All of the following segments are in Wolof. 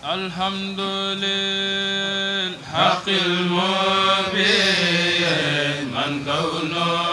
الحمد للحق المبين من كونه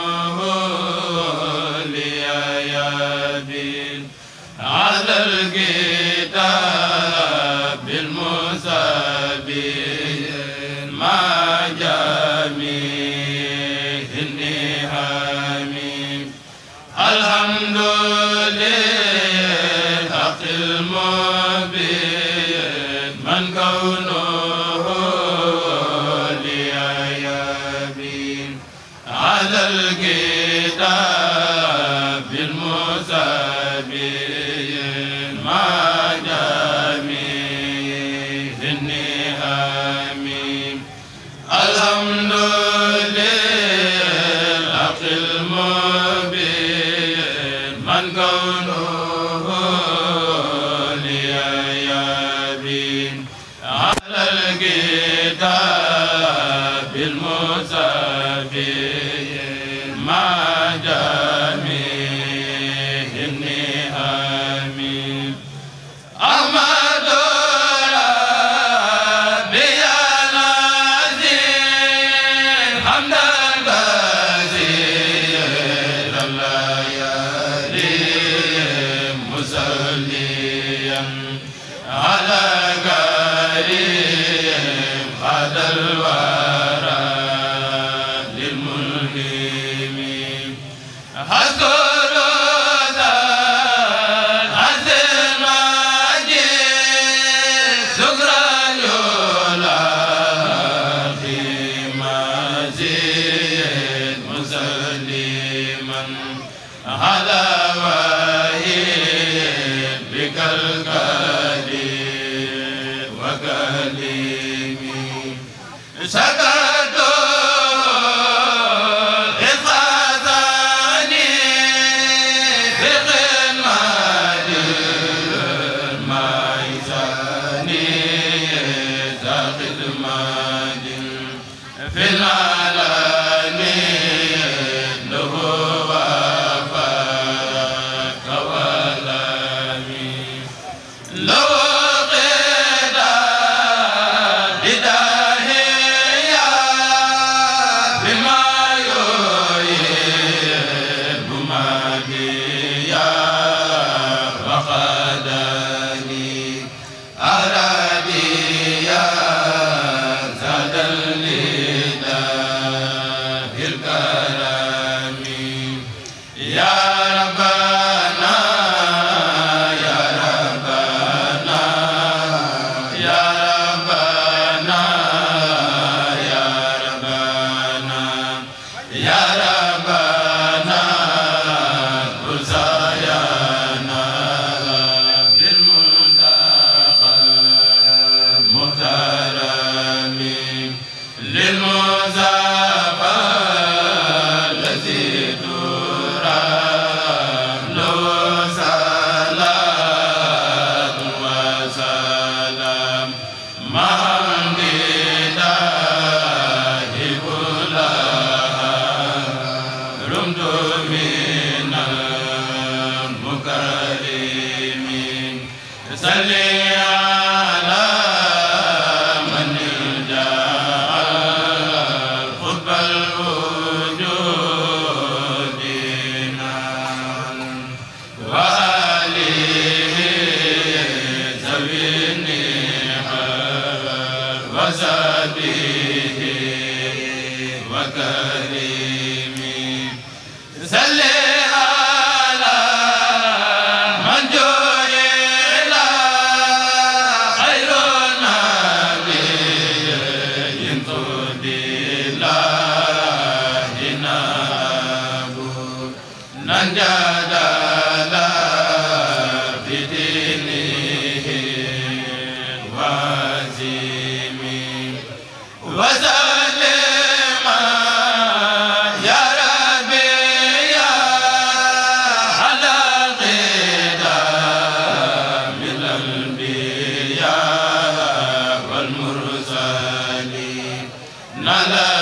la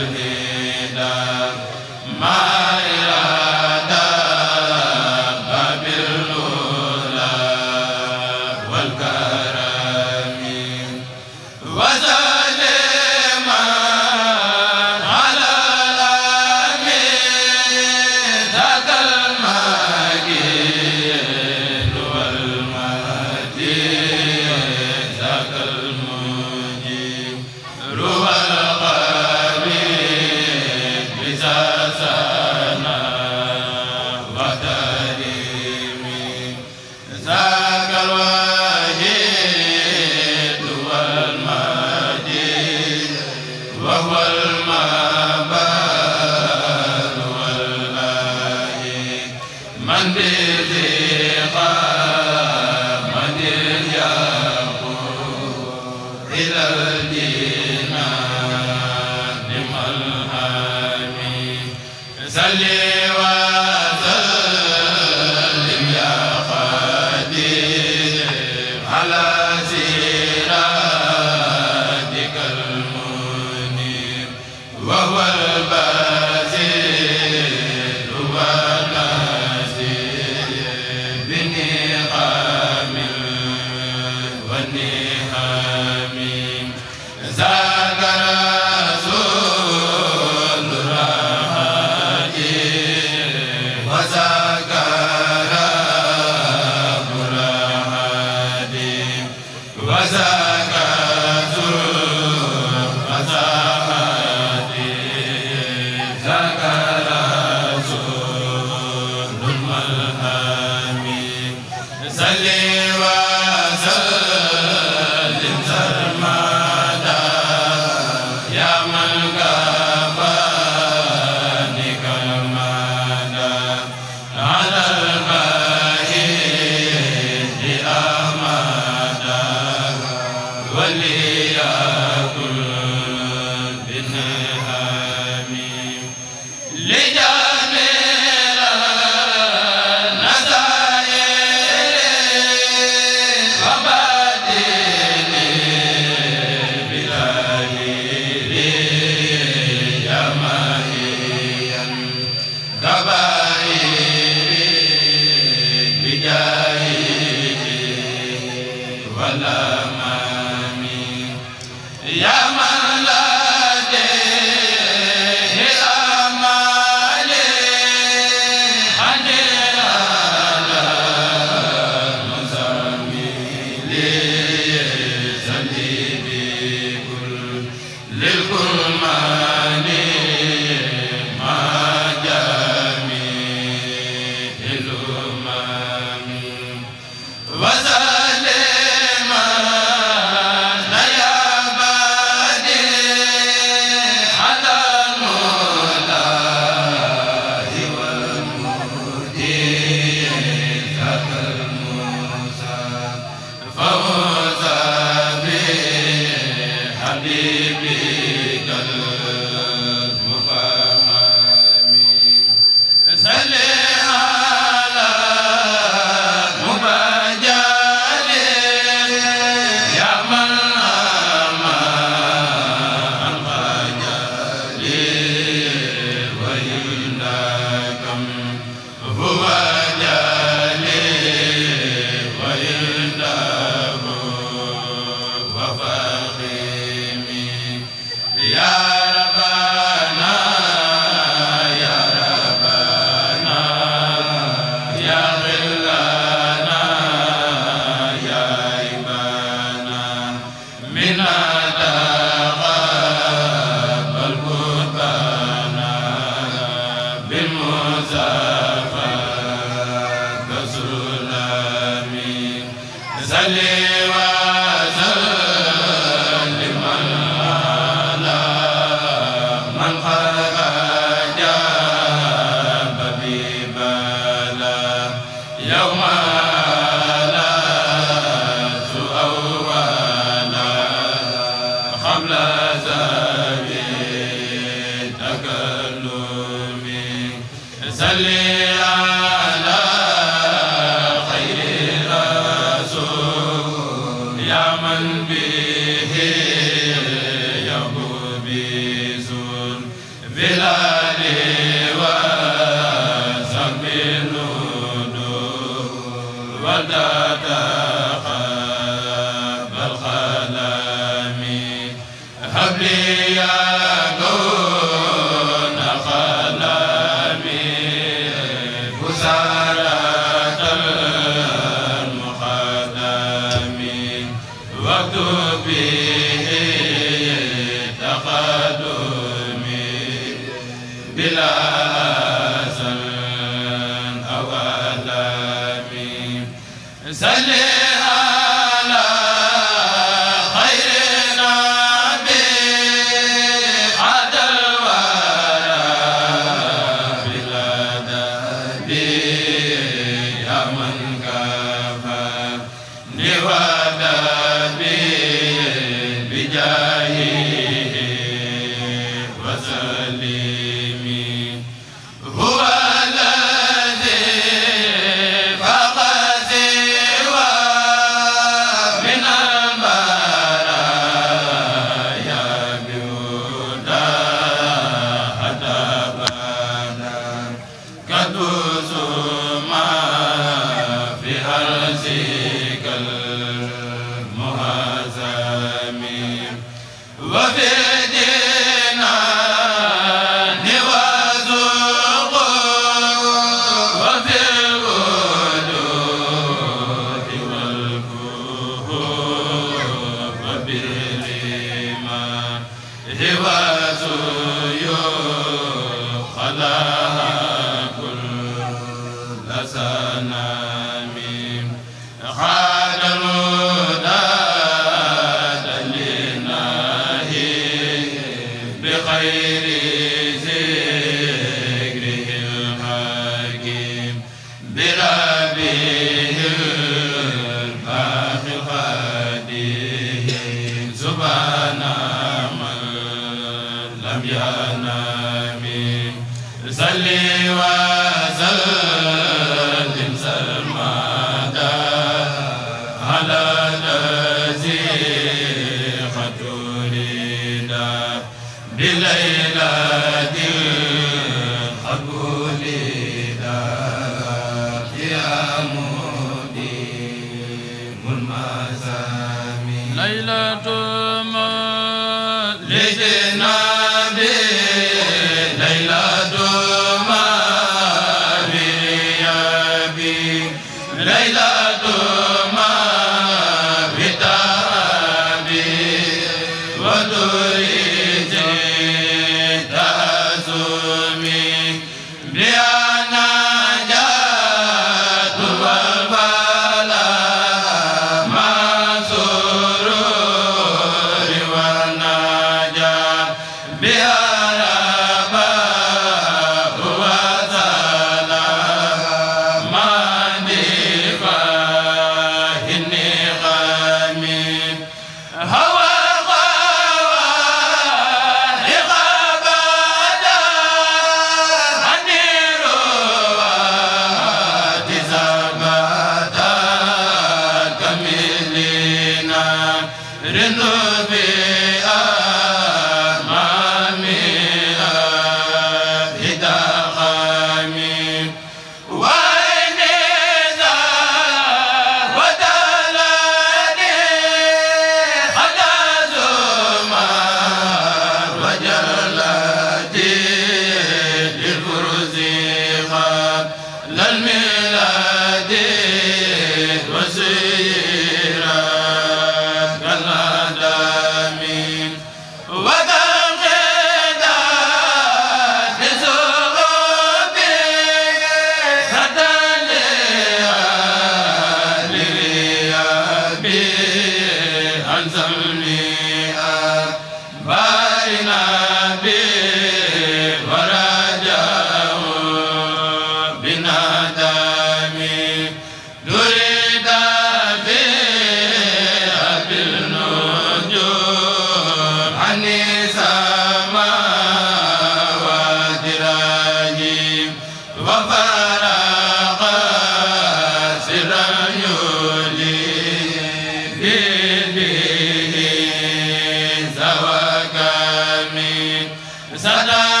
sada